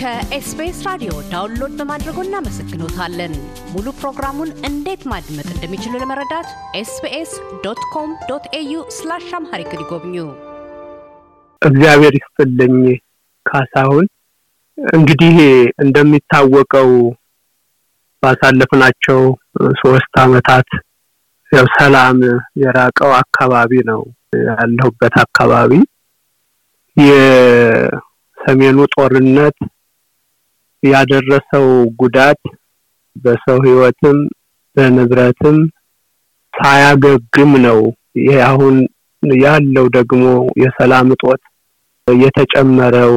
ከኤስቢኤስ ራዲዮ ዳውንሎድ በማድረጎ እናመሰግኖታለን። ሙሉ ፕሮግራሙን እንዴት ማድመጥ እንደሚችሉ ለመረዳት ኤስቢኤስ ዶት ኮም ዶት ኤዩ ስላሽ አምሃሪክ ይጎብኙ። እግዚአብሔር ይስጥልኝ ካሳሁን። እንግዲህ እንደሚታወቀው ባሳለፍናቸው ሶስት አመታት ያው ሰላም የራቀው አካባቢ ነው ያለሁበት አካባቢ የሰሜኑ ጦርነት ያደረሰው ጉዳት በሰው ህይወትም በንብረትም ሳያገግም ነው። ይሄ አሁን ያለው ደግሞ የሰላም እጦት የተጨመረው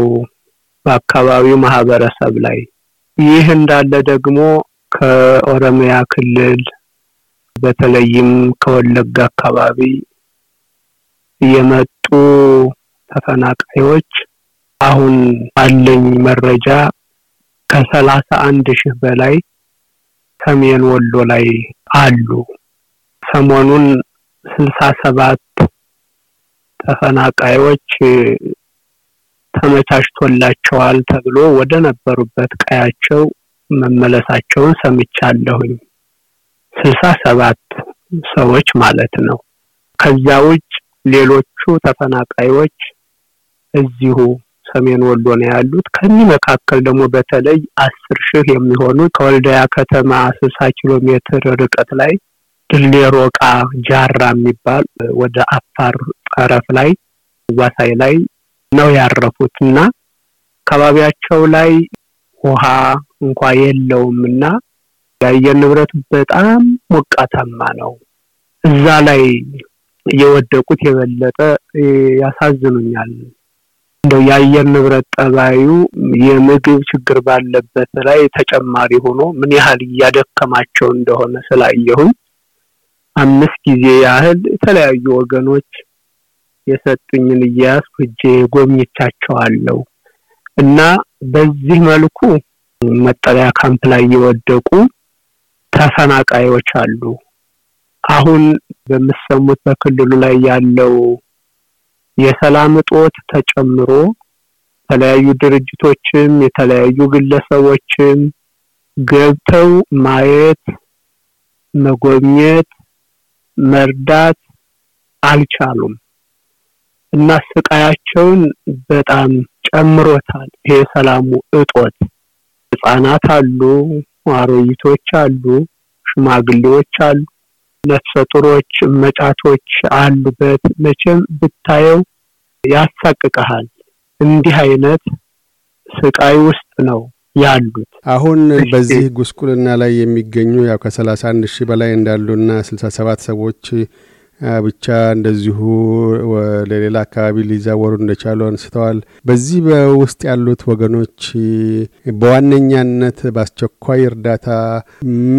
በአካባቢው ማህበረሰብ ላይ። ይህ እንዳለ ደግሞ ከኦሮሚያ ክልል በተለይም ከወለጋ አካባቢ የመጡ ተፈናቃዮች አሁን አለኝ መረጃ ከሰላሳ አንድ ሺህ በላይ ሰሜን ወሎ ላይ አሉ። ሰሞኑን ስልሳ ሰባት ተፈናቃዮች ተመቻችቶላቸዋል ተብሎ ወደ ነበሩበት ቀያቸው መመለሳቸውን ሰምቻለሁኝ። ስልሳ ሰባት ሰዎች ማለት ነው። ከዚያ ውጭ ሌሎቹ ተፈናቃዮች እዚሁ ሰሜን ወሎ ነው ያሉት። ከኒህ መካከል ደግሞ በተለይ አስር ሺህ የሚሆኑ ከወልዳያ ከተማ ስልሳ ኪሎ ሜትር ርቀት ላይ ድሌ ሮቃ ጃራ የሚባል ወደ አፋር ጠረፍ ላይ ዋሳይ ላይ ነው ያረፉት እና አካባቢያቸው ላይ ውሃ እንኳ የለውም እና የአየር ንብረቱ በጣም ሞቃታማ ነው። እዛ ላይ የወደቁት የበለጠ ያሳዝኑኛል። እንደው የአየር ንብረት ጠባዩ የምግብ ችግር ባለበት ላይ ተጨማሪ ሆኖ ምን ያህል እያደከማቸው እንደሆነ ስላየሁኝ አምስት ጊዜ ያህል የተለያዩ ወገኖች የሰጡኝን እያያዝኩ ሄጄ ጎብኝቻቸዋለሁ እና በዚህ መልኩ መጠለያ ካምፕ ላይ የወደቁ ተፈናቃዮች አሉ። አሁን በምሰሙት በክልሉ ላይ ያለው የሰላም እጦት ተጨምሮ የተለያዩ ድርጅቶችም የተለያዩ ግለሰቦችም ገብተው ማየት፣ መጎብኘት፣ መርዳት አልቻሉም እና ስቃያቸውን በጣም ጨምሮታል። ይሄ እጦት ህጻናት አሉ፣ አሮይቶች አሉ፣ ሽማግሌዎች አሉ። ነፍሰ ጡሮች፣ መጫቶች አሉበት። መቼም ብታየው ያሳቅቀሃል። እንዲህ አይነት ስቃይ ውስጥ ነው ያሉት አሁን በዚህ ጉስቁልና ላይ የሚገኙ ያው ከሰላሳ አንድ ሺህ በላይ እንዳሉና ስልሳ ሰባት ሰዎች ብቻ እንደዚሁ ለሌላ አካባቢ ሊዛወሩ እንደቻሉ አንስተዋል። በዚህ በውስጥ ያሉት ወገኖች በዋነኛነት በአስቸኳይ እርዳታ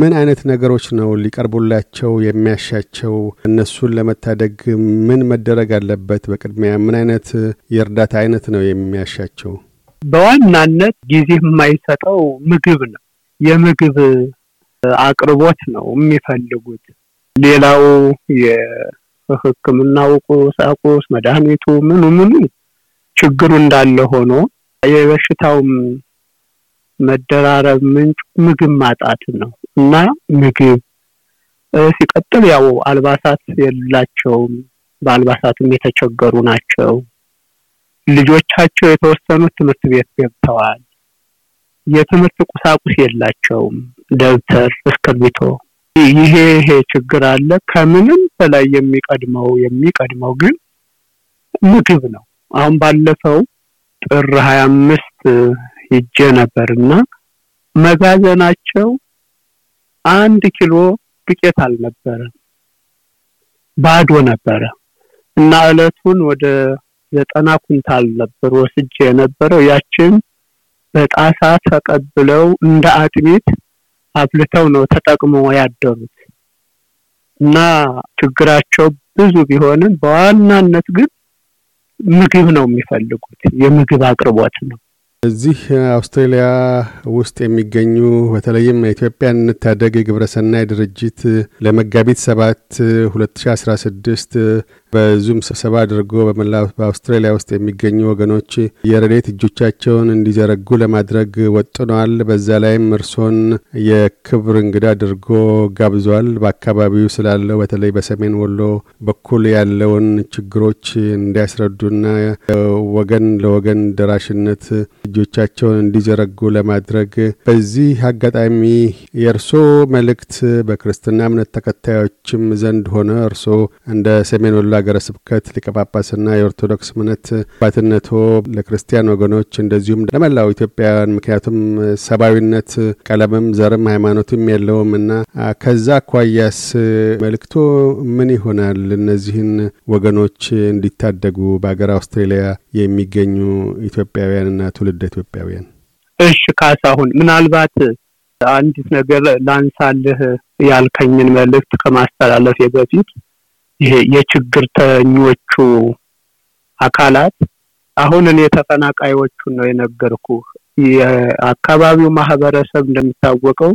ምን አይነት ነገሮች ነው ሊቀርቡላቸው የሚያሻቸው? እነሱን ለመታደግ ምን መደረግ አለበት? በቅድሚያ ምን አይነት የእርዳታ አይነት ነው የሚያሻቸው? በዋናነት ጊዜ የማይሰጠው ምግብ ነው። የምግብ አቅርቦት ነው የሚፈልጉት ሌላው የሕክምናው ቁሳቁስ መድኃኒቱ ምኑ ምኑ ችግሩ እንዳለ ሆኖ የበሽታው መደራረብ ምንጭ ምግብ ማጣት ነው እና ምግብ ሲቀጥል ያው አልባሳት የላቸውም። በአልባሳትም የተቸገሩ ናቸው። ልጆቻቸው የተወሰኑት ትምህርት ቤት ገብተዋል። የትምህርት ቁሳቁስ የላቸውም፣ ደብተር፣ እስክርቢቶ ይሄ ይሄ ችግር አለ። ከምንም በላይ የሚቀድመው የሚቀድመው ግን ምግብ ነው። አሁን ባለፈው ጥር ሀያ አምስት ሂጄ ነበር እና መጋዘናቸው አንድ ኪሎ ዱቄት አልነበረም፣ ባዶ ነበረ እና እለቱን ወደ ዘጠና ኩንታል ነበር ወስጄ የነበረው ያችን በጣሳ ተቀብለው እንደ አጥሚት አብልተው ነው ተጠቅሞ ያደሩት እና ችግራቸው ብዙ ቢሆንም በዋናነት ግን ምግብ ነው የሚፈልጉት፣ የምግብ አቅርቦት ነው። እዚህ አውስትራሊያ ውስጥ የሚገኙ በተለይም ኢትዮጵያን እንታደግ የግብረሰናይ ድርጅት ለመጋቢት ሰባት 2016 በዙም ስብሰባ አድርጎ በመላ በአውስትራሊያ ውስጥ የሚገኙ ወገኖች የረዴት እጆቻቸውን እንዲዘረጉ ለማድረግ ወጥነዋል። በዛ ላይም እርሶን የክብር እንግዳ አድርጎ ጋብዟል። በአካባቢው ስላለው በተለይ በሰሜን ወሎ በኩል ያለውን ችግሮች እንዲያስረዱና ወገን ለወገን ደራሽነት እጆቻቸውን እንዲዘረጉ ለማድረግ በዚህ አጋጣሚ የእርሶ መልእክት በክርስትና እምነት ተከታዮችም ዘንድ ሆነ እርሶ እንደ ሰሜን ወሎ ሀገረ ስብከት ሊቀ ጳጳስና የኦርቶዶክስ እምነት አባትነቶ ለክርስቲያን ወገኖች እንደዚሁም ለመላው ኢትዮጵያውያን ምክንያቱም ሰብአዊነት ቀለምም፣ ዘርም ሃይማኖትም የለውም እና ከዛ አኳያስ መልክቶ ምን ይሆናል? እነዚህን ወገኖች እንዲታደጉ በሀገር አውስትሬሊያ የሚገኙ ኢትዮጵያውያንና ትውልድ ኢትዮጵያውያን። እሽ ካሳሁን፣ ምናልባት አንዲት ነገር ላንሳልህ ያልከኝን መልእክት ከማስተላለፌ በፊት ይሄ የችግርተኞቹ አካላት አሁን እኔ ተፈናቃዮቹን ነው የነገርኩ። የአካባቢው ማህበረሰብ እንደሚታወቀው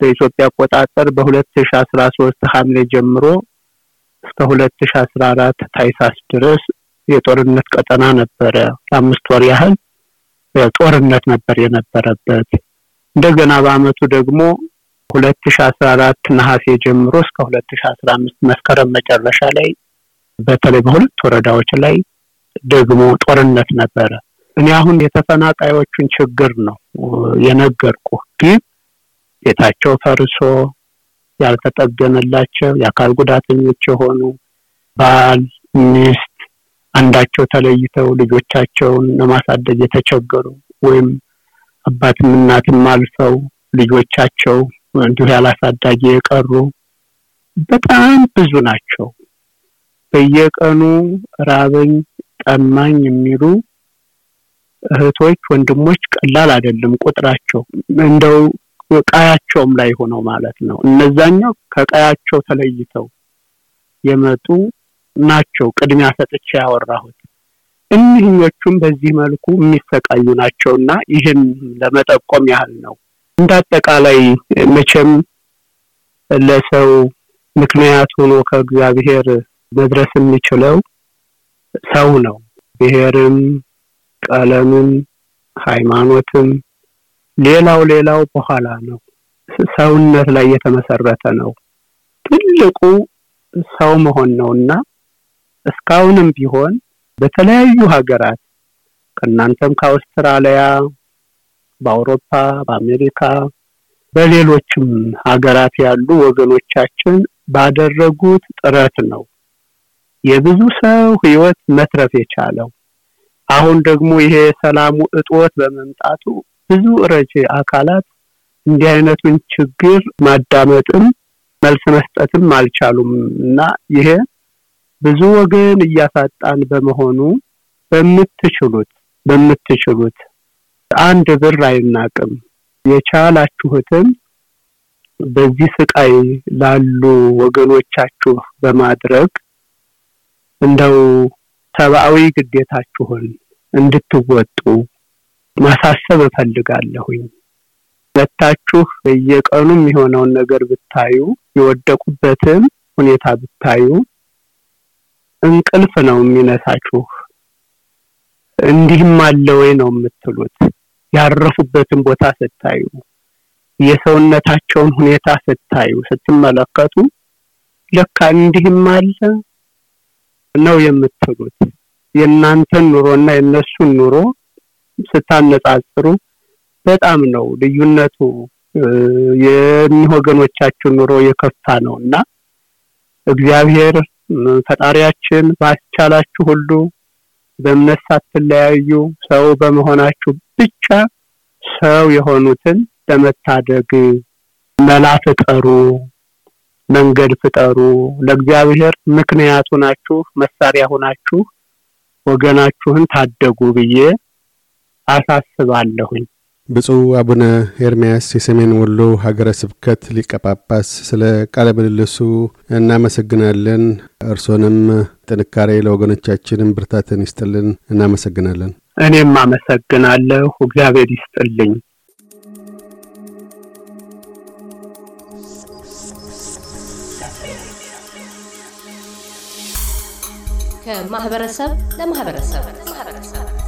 በኢትዮጵያ አቆጣጠር በ2013 ሐምሌ ጀምሮ እስከ 2014 ታይሳስ ድረስ የጦርነት ቀጠና ነበረ። ለአምስት ወር ያህል ጦርነት ነበር የነበረበት። እንደገና በአመቱ ደግሞ ሁለት ሺ አስራ አራት ነሐሴ ጀምሮ እስከ ሁለት ሺ አስራ አምስት መስከረም መጨረሻ ላይ በተለይ በሁለት ወረዳዎች ላይ ደግሞ ጦርነት ነበረ። እኔ አሁን የተፈናቃዮቹን ችግር ነው የነገርኩ። ግን ቤታቸው ፈርሶ ያልተጠገነላቸው የአካል ጉዳተኞች የሆኑ ባል፣ ሚስት አንዳቸው ተለይተው ልጆቻቸውን ለማሳደግ የተቸገሩ ወይም አባትም እናትም አልፈው ልጆቻቸው እንዲሁ ያላሳዳጊ የቀሩ በጣም ብዙ ናቸው። በየቀኑ ራበኝ፣ ጠማኝ የሚሉ እህቶች፣ ወንድሞች ቀላል አይደለም ቁጥራቸው እንደው ቀያቸውም ላይ ሆነው ማለት ነው። እነዛኛው ከቀያቸው ተለይተው የመጡ ናቸው። ቅድሚያ ሰጥቼ ያወራሁት እኒህኞቹም በዚህ መልኩ የሚሰቃዩ ናቸውና ይህን ለመጠቆም ያህል ነው። እንደ አጠቃላይ መቼም ለሰው ምክንያት ሆኖ ከእግዚአብሔር መድረስ የሚችለው ሰው ነው። ብሔርም፣ ቀለምም፣ ሃይማኖትም ሌላው ሌላው በኋላ ነው። ሰውነት ላይ የተመሰረተ ነው። ትልቁ ሰው መሆን ነውና እስካሁንም ቢሆን በተለያዩ ሀገራት ከእናንተም ከአውስትራሊያ በአውሮፓ፣ በአሜሪካ፣ በሌሎችም ሀገራት ያሉ ወገኖቻችን ባደረጉት ጥረት ነው የብዙ ሰው ህይወት መትረፍ የቻለው። አሁን ደግሞ ይሄ የሰላሙ እጦት በመምጣቱ ብዙ ረጂ አካላት እንዲህ አይነቱን ችግር ማዳመጥም መልስ መስጠትም አልቻሉም እና ይሄ ብዙ ወገን እያሳጣን በመሆኑ በምትችሉት በምትችሉት አንድ ብር አይናቅም። የቻላችሁትን በዚህ ስቃይ ላሉ ወገኖቻችሁ በማድረግ እንደው ሰብአዊ ግዴታችሁን እንድትወጡ ማሳሰብ እፈልጋለሁኝ። መታችሁ በየቀኑ የሚሆነውን ነገር ብታዩ፣ የወደቁበትን ሁኔታ ብታዩ እንቅልፍ ነው የሚነሳችሁ። እንዲህም አለ ወይ ነው የምትሉት። ያረፉበትን ቦታ ስታዩ የሰውነታቸውን ሁኔታ ስታዩ ስትመለከቱ ለካ እንዲህም አለ ነው የምትሉት። የእናንተን ኑሮና የእነሱን ኑሮ ስታነጻጽሩ በጣም ነው ልዩነቱ። የወገኖቻችን ኑሮ የከፋ ነው እና እግዚአብሔር ፈጣሪያችን ባስቻላችሁ ሁሉ በእምነት ሳትለያዩ ሰው በመሆናችሁ ብቻ ሰው የሆኑትን ለመታደግ መላ ፍጠሩ፣ መንገድ ፍጠሩ። ለእግዚአብሔር ምክንያት ሁናችሁ መሳሪያ ሁናችሁ ወገናችሁን ታደጉ ብዬ አሳስባለሁኝ። ብፁዕ አቡነ ኤርምያስ የሰሜን ወሎ ሀገረ ስብከት ሊቀጳጳስ ስለ ቃለ ምልልሱ እናመሰግናለን። እርሶንም ጥንካሬ ለወገኖቻችንም ብርታትን ይስጥልን። እናመሰግናለን። እኔም አመሰግናለሁ። እግዚአብሔር ይስጥልኝ። ከማህበረሰብ ለማህበረሰብ